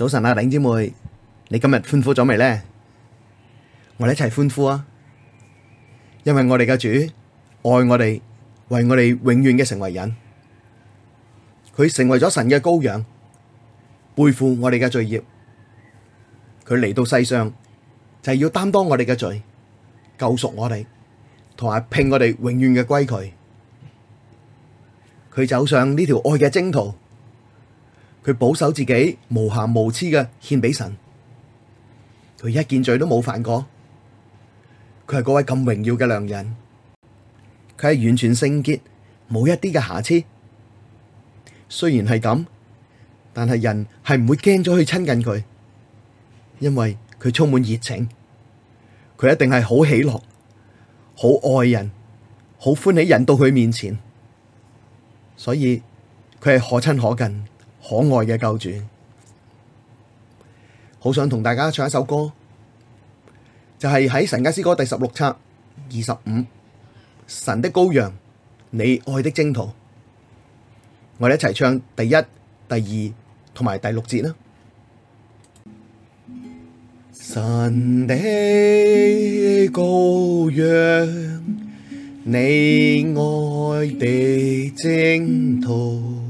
早晨啊，領姊妹，你今日歡呼咗未呢？我哋一齊歡呼啊！因為我哋嘅主愛我哋，為我哋永遠嘅成為人，佢成為咗神嘅羔羊，背負我哋嘅罪孽。佢嚟到世上就係要擔當我哋嘅罪，救贖我哋，同埋聘我哋永遠嘅歸佢。佢走上呢條愛嘅征途。佢保守自己，無瑕無疵嘅獻俾神。佢一件罪都冇犯過，佢係嗰位咁榮耀嘅良人。佢係完全聖潔，冇一啲嘅瑕疵。雖然係咁，但係人係唔會驚咗去親近佢，因為佢充滿熱情，佢一定係好喜樂、好愛人、好歡喜引到佢面前，所以佢係可親可近。可愛嘅救主，好想同大家唱一首歌，就係喺《神家詩歌》第十六冊二十五《神的羔羊，你愛的征途》，我哋一齊唱第一、第二同埋第六節啦。神的羔羊，你愛的征途。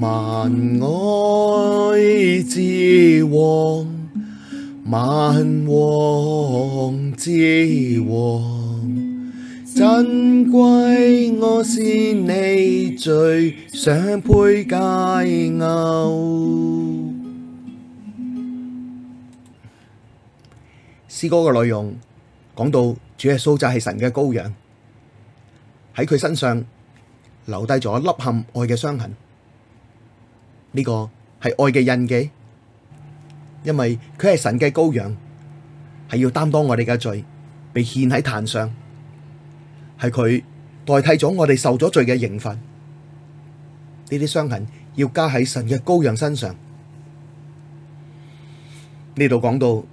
萬愛之王，萬王之王，珍貴我是你最相配佳偶。詩歌嘅內容講到，主耶穌就係神嘅羔羊，喺佢身上留低咗凹陷愛嘅傷痕。呢個係愛嘅印記，因為佢係神嘅羔羊，係要擔當我哋嘅罪，被獻喺壇上，係佢代替咗我哋受咗罪嘅刑罰。呢啲傷痕要加喺神嘅羔羊身上。呢度講到，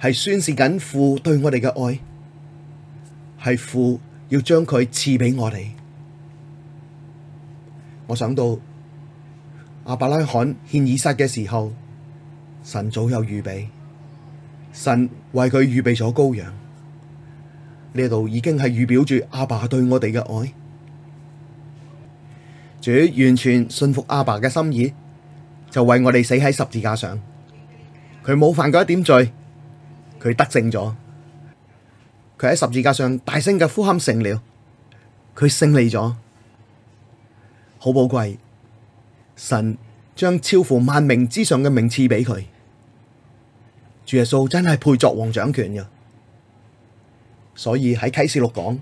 係宣示緊父對我哋嘅愛，係父要將佢賜俾我哋。我想到。阿伯拉罕獻以撒嘅時候，神早有預備，神為佢預備咗羔羊。呢度已經係預表住阿爸對我哋嘅愛。主完全信服阿爸嘅心意，就為我哋死喺十字架上。佢冇犯過一點罪，佢得勝咗。佢喺十字架上大聲嘅呼喊成了勝了，佢勝利咗，好寶貴。神將超乎萬名之上嘅名次俾佢，主耶穌真係配作王掌權嘅，所以喺啟示錄講，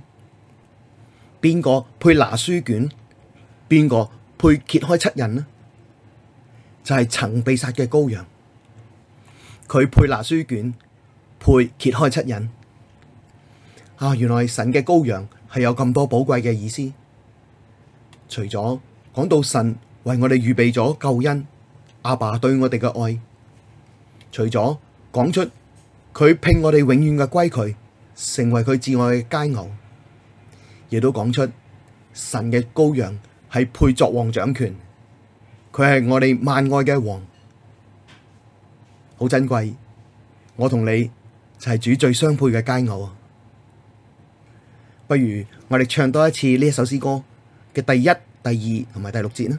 邊個配拿書卷，邊個配揭開七印呢？就係、是、曾被殺嘅羔羊，佢配拿書卷，配揭開七印。啊，原來神嘅羔羊係有咁多寶貴嘅意思，除咗講到神。為我哋預備咗救恩，阿爸對我哋嘅愛，除咗講出佢聘我哋永遠嘅歸佢，成為佢至愛嘅佳偶，亦都講出神嘅羔羊係配作王掌權，佢係我哋萬愛嘅王，好珍貴。我同你就係主最相配嘅佳偶啊！不如我哋唱多一次呢一首詩歌嘅第一、第二同埋第六節啦。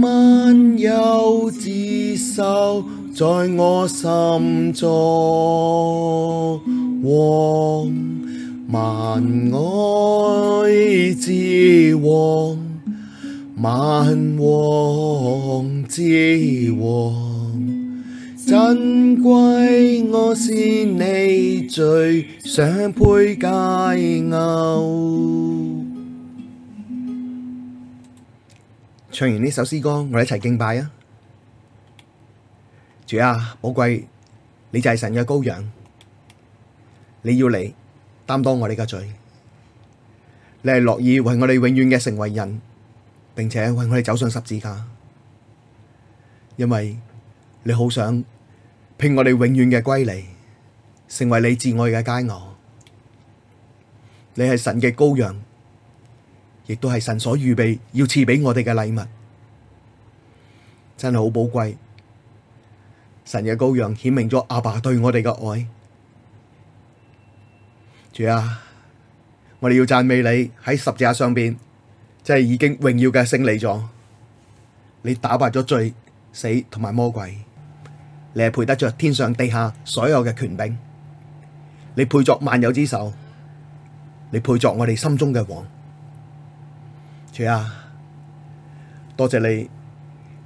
萬有自首，在我心中。和萬愛之王，萬王之王，珍貴我是你最想配佳偶。唱完呢首詩歌，我哋一齊敬拜啊！主啊，寶貴，你就係神嘅羔羊，你要嚟擔當我哋嘅罪，你係樂意為我哋永遠嘅成為人，並且為我哋走上十字架，因為你好想聘我哋永遠嘅歸嚟，成為你至愛嘅佳偶，你係神嘅羔羊。亦都係神所預備要賜俾我哋嘅禮物，真係好寶貴。神嘅羔羊顯明咗阿爸對我哋嘅愛。主啊，我哋要讚美你喺十字架上面，真係已經榮耀嘅勝利咗。你打敗咗罪、死同埋魔鬼，你係配得着天上地下所有嘅權柄，你配作萬有之首，你配作我哋心中嘅王。主啊，多謝你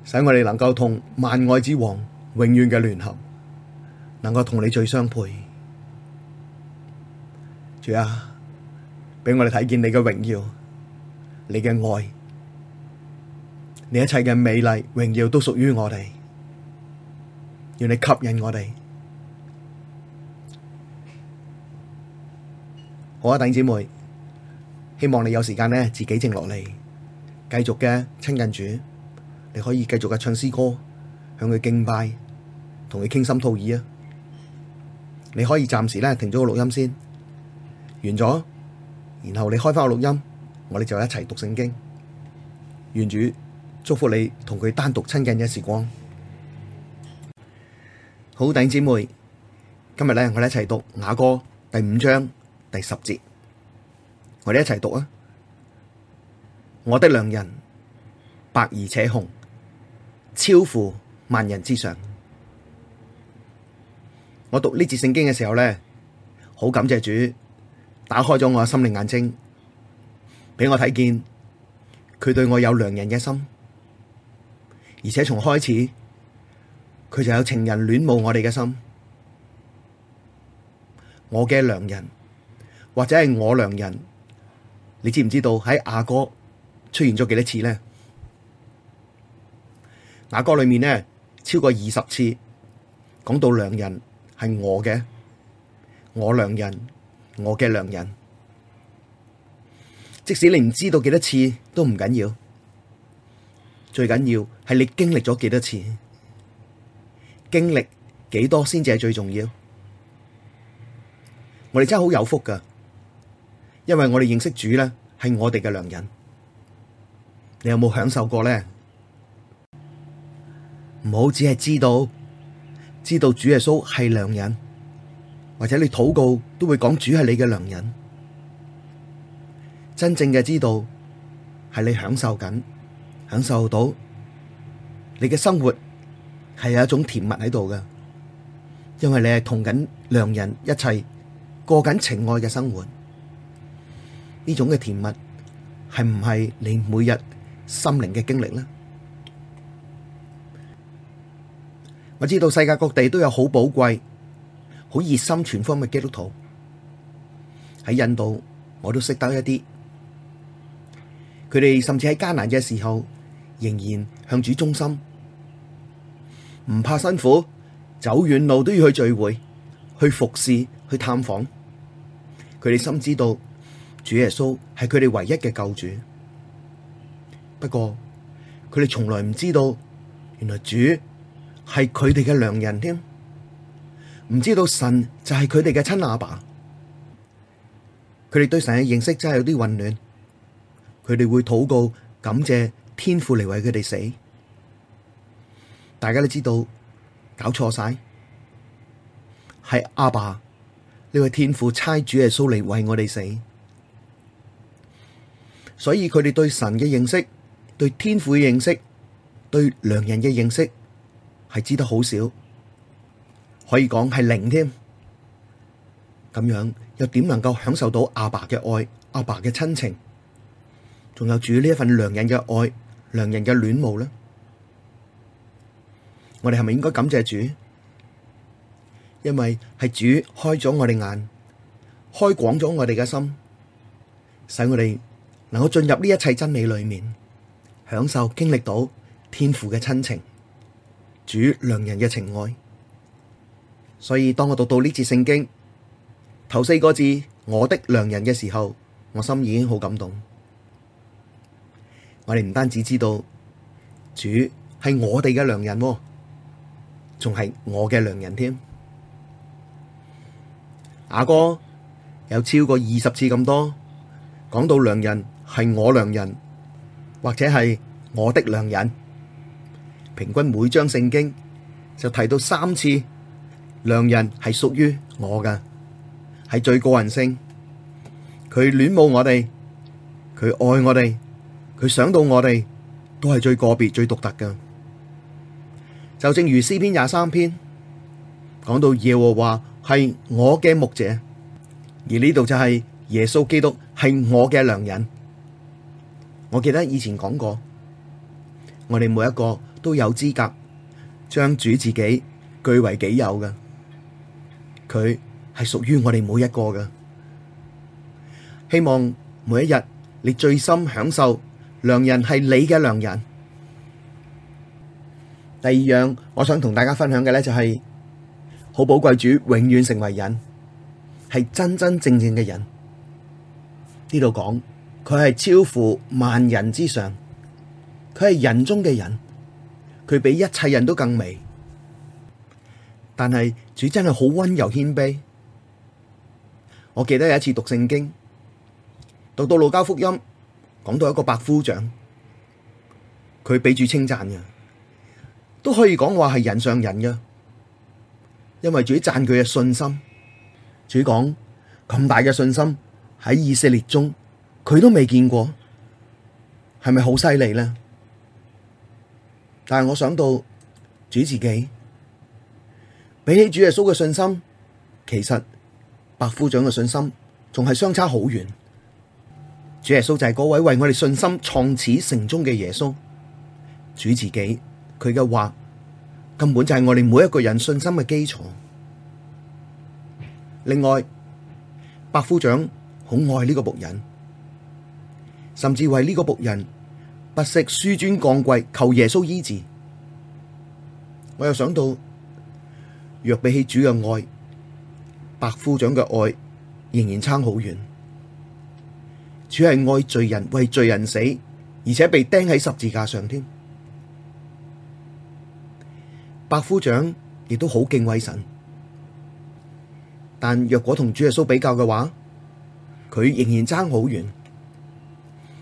使我哋能夠同萬愛之王永遠嘅聯合，能夠同你最相配。主啊，俾我哋睇見你嘅榮耀、你嘅愛、你一切嘅美麗榮耀都屬於我哋，願你吸引我哋。好啊，弟兄姊妹。希望你有時間呢，自己靜落嚟，繼續嘅親近主，你可以繼續嘅唱詩歌，向佢敬拜，同佢傾心吐意啊！你可以暫時呢，停咗個錄音先，完咗，然後你開翻個錄音，我哋就一齊讀聖經。願主祝福你同佢單獨親近嘅時光。好，弟兄姊妹，今日咧我哋一齊讀雅歌第五章第十節。我哋一齊讀啊！我的良人，白而且紅，超乎萬人之上。我讀呢節聖經嘅時候呢，好感謝主，打開咗我嘅心靈眼睛，俾我睇見佢對我有良人嘅心，而且從開始佢就有情人戀慕我哋嘅心。我嘅良人，或者係我良人。你知唔知道喺雅歌出現咗幾多次呢？雅歌裏面呢，超過二十次，講到良人係我嘅，我良人，我嘅良人。即使你唔知道幾多次都唔緊要，最緊要係你經歷咗幾多次，經歷幾多先至係最重要。我哋真係好有福噶。因為我哋認識主咧，係我哋嘅良人。你有冇享受過咧？唔好只係知道，知道主耶穌係良人，或者你禱告都會講主係你嘅良人。真正嘅知道係你享受緊，享受到你嘅生活係有一種甜蜜喺度嘅，因為你係同緊良人，一齊過緊情愛嘅生活。呢種嘅甜蜜係唔係你每日心靈嘅經歷呢？我知道世界各地都有好寶貴、好熱心、全方位嘅基督徒喺印度，我都識得一啲。佢哋甚至喺艱難嘅時候，仍然向主忠心，唔怕辛苦，走遠路都要去聚會、去服侍、去探訪。佢哋深知道。主耶穌係佢哋唯一嘅救主，不過佢哋從來唔知道，原來主係佢哋嘅良人添，唔知道神就係佢哋嘅親阿爸，佢哋對神嘅認識真係有啲混亂。佢哋會禱告感謝天父嚟為佢哋死，大家都知道搞錯晒，係阿爸呢位、這個、天父差主耶穌嚟為我哋死。所以佢哋對神嘅認識、對天父嘅認識、對良人嘅認識係知得好少，可以講係零添。咁樣又點能夠享受到阿爸嘅愛、阿爸嘅親情，仲有主呢一份良人嘅愛、良人嘅戀慕呢？我哋係咪應該感謝主？因為係主開咗我哋眼，開廣咗我哋嘅心，使我哋。能夠進入呢一切真理裏面，享受經歷到天父嘅親情，主良人嘅情愛。所以當我讀到呢節聖經頭四個字我的良人嘅時候，我心已經好感動。我哋唔單止知道主係我哋嘅良人，仲係我嘅良人添。雅歌有超過二十次咁多講到良人。係我良人，或者係我的良人。平均每章聖經就提到三次良人係屬於我噶，係最個人性。佢戀慕我哋，佢愛我哋，佢想到我哋，都係最個別、最獨特噶。就正如詩篇廿三篇講到耶和華係我嘅牧者，而呢度就係耶穌基督係我嘅良人。我記得以前講過，我哋每一個都有資格將主自己據為己有嘅，佢係屬於我哋每一個嘅。希望每一日你最深享受良人係你嘅良人。第二樣我想同大家分享嘅咧就係、是、好寶貴，主永遠成為人，係真真正正嘅人。呢度講。佢係超乎萬人之上，佢係人中嘅人，佢比一切人都更美。但係主真係好溫柔謙卑。我記得有一次讀聖經，讀到路加福音，講到一個百夫長，佢俾主稱讚嘅，都可以講話係人上人噶，因為主讚佢嘅信心。主講咁大嘅信心喺以色列中。佢都未見過，係咪好犀利咧？但係我想到主自己，比起主耶穌嘅信心，其實百夫長嘅信心仲係相差好遠。主耶穌就係嗰位為我哋信心創始成終嘅耶穌，主自己佢嘅話根本就係我哋每一個人信心嘅基礎。另外，百夫長好愛呢個僕人。甚至為呢個僕人不惜屈尊降貴，求耶穌醫治，我又想到，若比起主嘅愛，百夫長嘅愛仍然差好遠。主係愛罪人，為罪人死，而且被釘喺十字架上添。百夫長亦都好敬畏神，但若果同主耶穌比較嘅話，佢仍然差好遠。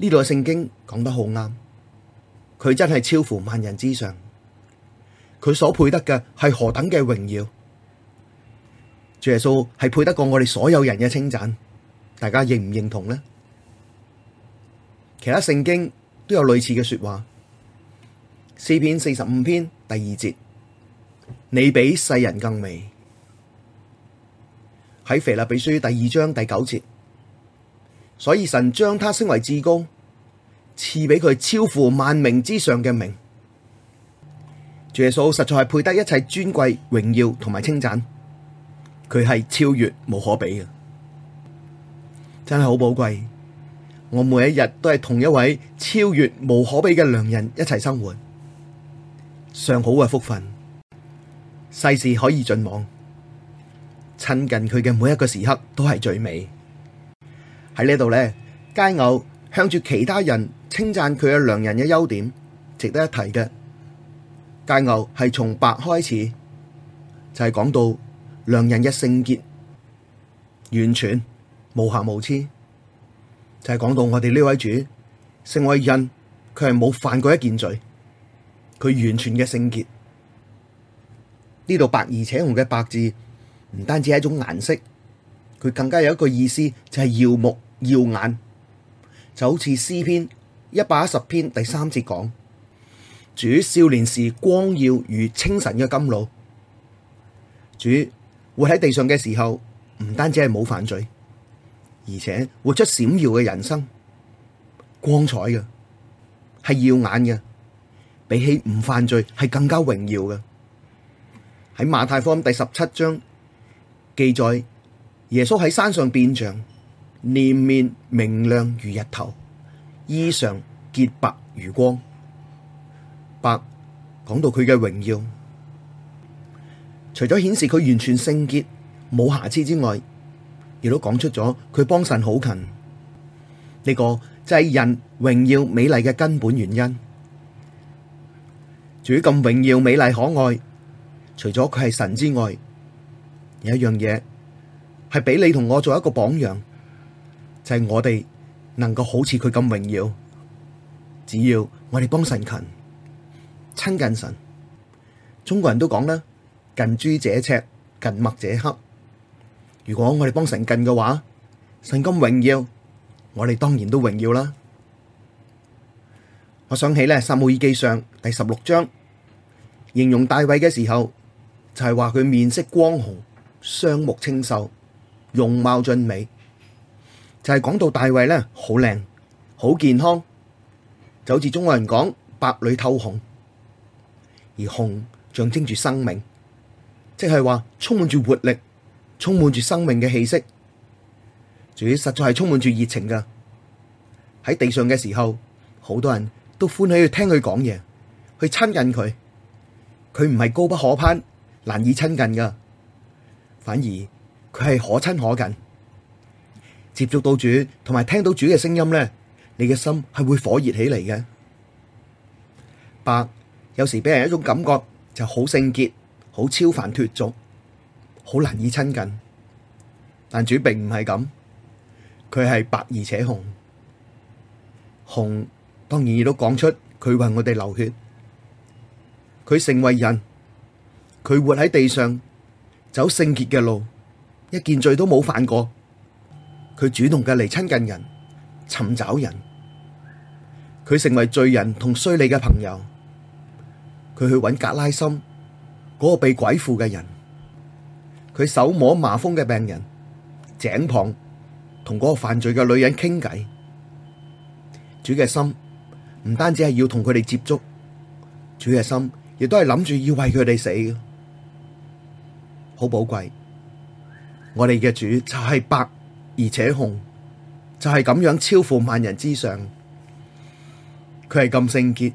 呢度嘅聖經講得好啱，佢真係超乎萬人之上，佢所配得嘅係何等嘅榮耀？主耶穌係配得過我哋所有人嘅稱讚，大家認唔認同呢？其他聖經都有類似嘅說話，詩篇四十五篇第二節，你比世人更美，喺腓立比書第二章第九節。所以神將他升為至高，賜俾佢超乎萬名之上嘅名。耶穌實在係配得一切尊貴、榮耀同埋稱讚，佢係超越無可比嘅，真係好寶貴。我每一日都係同一位超越無可比嘅良人一齊生活，上好嘅福分，世事可以盡忘，親近佢嘅每一個時刻都係最美。喺呢度咧，佳偶向住其他人稱讚佢嘅良人嘅優點，值得一提嘅。佳偶係從白開始，就係講到良人嘅聖潔，完全無瑕無疵，就係講到我哋呢位主成為人，佢係冇犯過一件罪，佢完全嘅聖潔。呢度白而且紅嘅白字，唔單止係一種顏色，佢更加有一個意思，就係耀目。耀眼就好似詩篇一百一十篇第三節講：主少年時光耀如清晨嘅甘露；主活喺地上嘅時候，唔單止係冇犯罪，而且活出閃耀嘅人生，光彩嘅係耀眼嘅，比起唔犯罪係更加榮耀嘅。喺馬太福音第十七章記載，耶穌喺山上變像。臉面明亮如日頭，衣裳潔白如光白，講到佢嘅榮耀，除咗顯示佢完全聖潔冇瑕疵之外，亦都講出咗佢幫神好近呢、個就係人榮耀美麗嘅根本原因。主咁榮耀美麗可愛，除咗佢係神之外，有一樣嘢係俾你同我做一個榜樣。就係我哋能夠好似佢咁榮耀，只要我哋幫神勤，親近神。中國人都講啦，近朱者赤，近墨者黑。如果我哋幫神近嘅話，神咁榮耀，我哋當然都榮耀啦。我想起咧《撒母耳記上》第十六章，形容大衛嘅時候，就係話佢面色光紅，雙目清秀，容貌俊美。就係講到大衛咧，好靚，好健康，就好似中國人講白裏透紅，而紅象徵住生命，即係話充滿住活力，充滿住生命嘅氣息，仲要實在係充滿住熱情噶。喺地上嘅時候，好多人都歡喜去聽佢講嘢，去親近佢，佢唔係高不可攀，難以親近噶，反而佢係可親可近。接觸到主，同埋聽到主嘅聲音呢，你嘅心係會火熱起嚟嘅。白，有時俾人一種感覺就好聖潔、好超凡脫俗、好難以親近，但主並唔係咁，佢係白而且紅。紅當然亦都講出佢為我哋流血，佢成為人，佢活喺地上，走聖潔嘅路，一件罪都冇犯過。佢主動嘅嚟親近人，尋找人，佢成為罪人同稅吏嘅朋友，佢去揾格拉森嗰個被鬼附嘅人，佢手摸麻風嘅病人，井旁同嗰個犯罪嘅女人傾偈，主嘅心唔單止係要同佢哋接觸，主嘅心亦都係諗住要為佢哋死，好寶貴。我哋嘅主就係白。而且紅就係咁樣超乎萬人之上，佢係咁聖潔，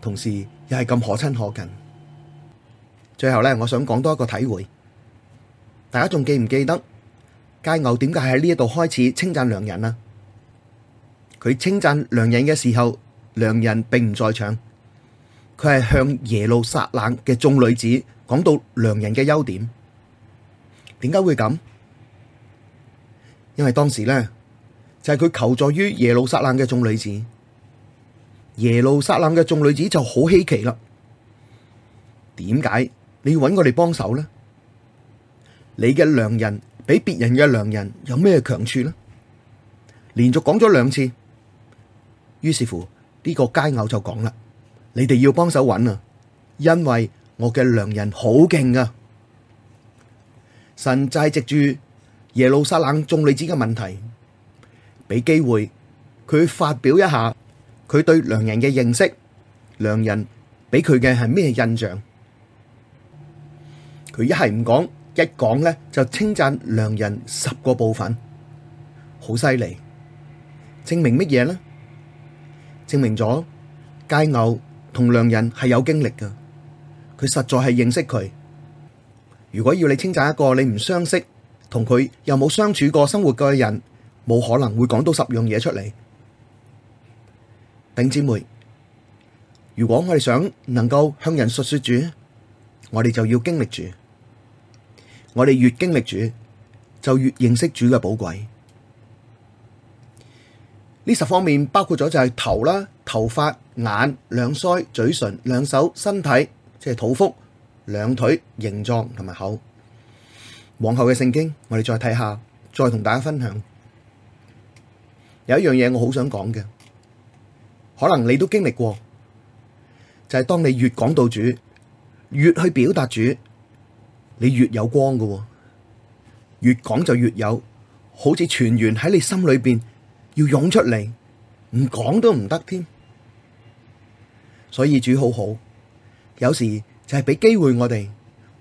同時又係咁可親可近。最後呢，我想講多一個體會，大家仲記唔記得佳偶點解喺呢一度開始稱讚良人啊？佢稱讚良人嘅時候，良人並唔在場，佢係向耶路撒冷嘅眾女子講到良人嘅優點。點解會咁？因為當時咧，就係、是、佢求助於耶路撒冷嘅眾女子，耶路撒冷嘅眾女子就好稀奇啦，點解你要揾我哋幫手咧？你嘅良人比別人嘅良人有咩強處呢？連續講咗兩次，於是乎呢個佳偶就講啦：你哋要幫手揾啊，因為我嘅良人好勁啊！神祭藉住，耶路撒冷眾女子嘅問題，俾機會佢發表一下佢對良人嘅認識，良人俾佢嘅係咩印象？佢一係唔講，一講呢就稱讚良人十個部分，好犀利，證明乜嘢呢？證明咗佳偶同良人係有經歷噶，佢實在係認識佢。如果要你稱讚一個你唔相識。同佢又冇相處過、生活嘅人，冇可能會講到十樣嘢出嚟。頂姐妹，如果我哋想能夠向人述説主，我哋就要經歷住。我哋越經歷住，就越認識主嘅寶貴。呢十方面包括咗就係頭啦、頭髮、眼、兩腮、嘴唇、兩手、身體，即係肚腹、兩腿、形狀同埋口。往後嘅聖經，我哋再睇下，再同大家分享。有一樣嘢我好想講嘅，可能你都經歷過，就係、是、當你越講到主，越去表達主，你越有光嘅，越講就越有，好似泉源喺你心裏邊要湧出嚟，唔講都唔得添。所以主好好，有時就係俾機會我哋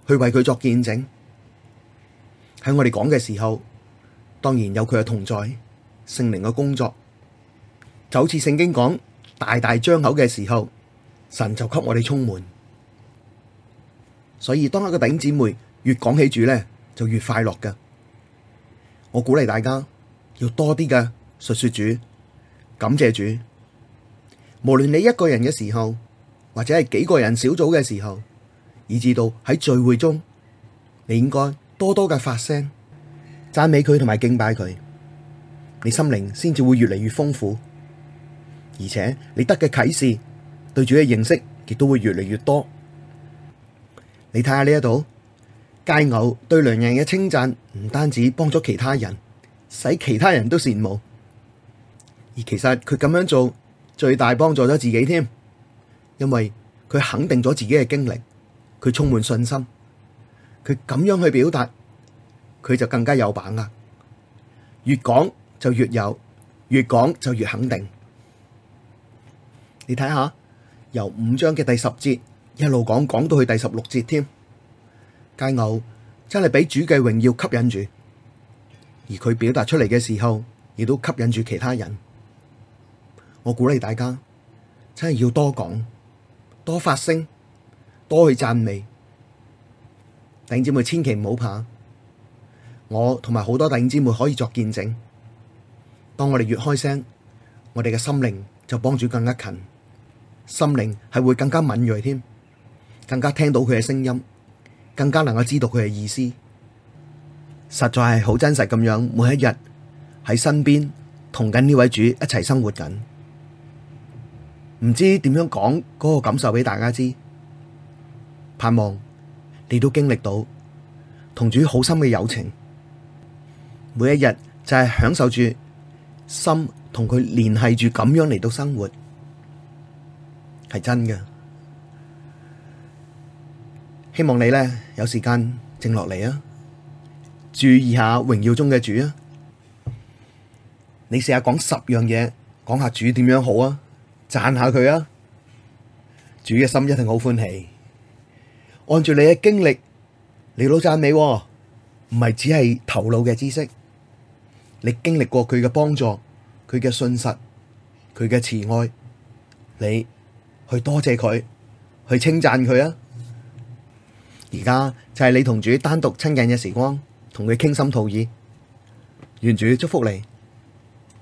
去為佢作見證。喺我哋講嘅時候，當然有佢嘅同在，聖靈嘅工作就好似聖經講，大大張口嘅時候，神就給我哋充滿。所以當一個弟兄姊妹越講起主呢，就越快樂㗎。我鼓勵大家要多啲嘅述說主，感謝主。無論你一個人嘅時候，或者係幾個人小組嘅時候，以至到喺聚會中，你應該。多多嘅發聲，讚美佢同埋敬拜佢，你心靈先至會越嚟越豐富，而且你得嘅啟示對主嘅認識亦都會越嚟越多。你睇下呢一度，佳偶對良人嘅稱讚唔單止幫咗其他人，使其他人都羨慕，而其實佢咁樣做最大幫助咗自己添，因為佢肯定咗自己嘅經歷，佢充滿信心。佢咁樣去表達，佢就更加有把握。越講就越有，越講就越肯定。你睇下，由五章嘅第十節一路講講到去第十六節添。佳偶真係俾主嘅榮耀吸引住，而佢表達出嚟嘅時候，亦都吸引住其他人。我鼓勵大家，真係要多講、多發聲、多去讚美。弟兄姊妹，千祈唔好怕，我同埋好多弟兄姊妹可以作見證。當我哋越開聲，我哋嘅心靈就幫主更加近，心靈係會更加敏銳添，更加聽到佢嘅聲音，更加能夠知道佢嘅意思。實在係好真實咁樣，每一日喺身邊同緊呢位主一齊生活緊，唔知點樣講嗰個感受俾大家知，盼望。你都經歷到同主好深嘅友情，每一日就係享受住心同佢聯繫住咁樣嚟到生活，係真嘅。希望你咧有時間靜落嚟啊，注意下榮耀中嘅主啊！你試下講十樣嘢，講下主點樣好啊？讚下佢啊！主嘅心一定好歡喜。按照你嘅經歷，你老讚美，唔係只係頭腦嘅知識，你經歷過佢嘅幫助，佢嘅信實，佢嘅慈愛，你去多謝佢，去稱讚佢啊！而家就係你同主單獨親近嘅時光，同佢傾心吐意，願主祝福你。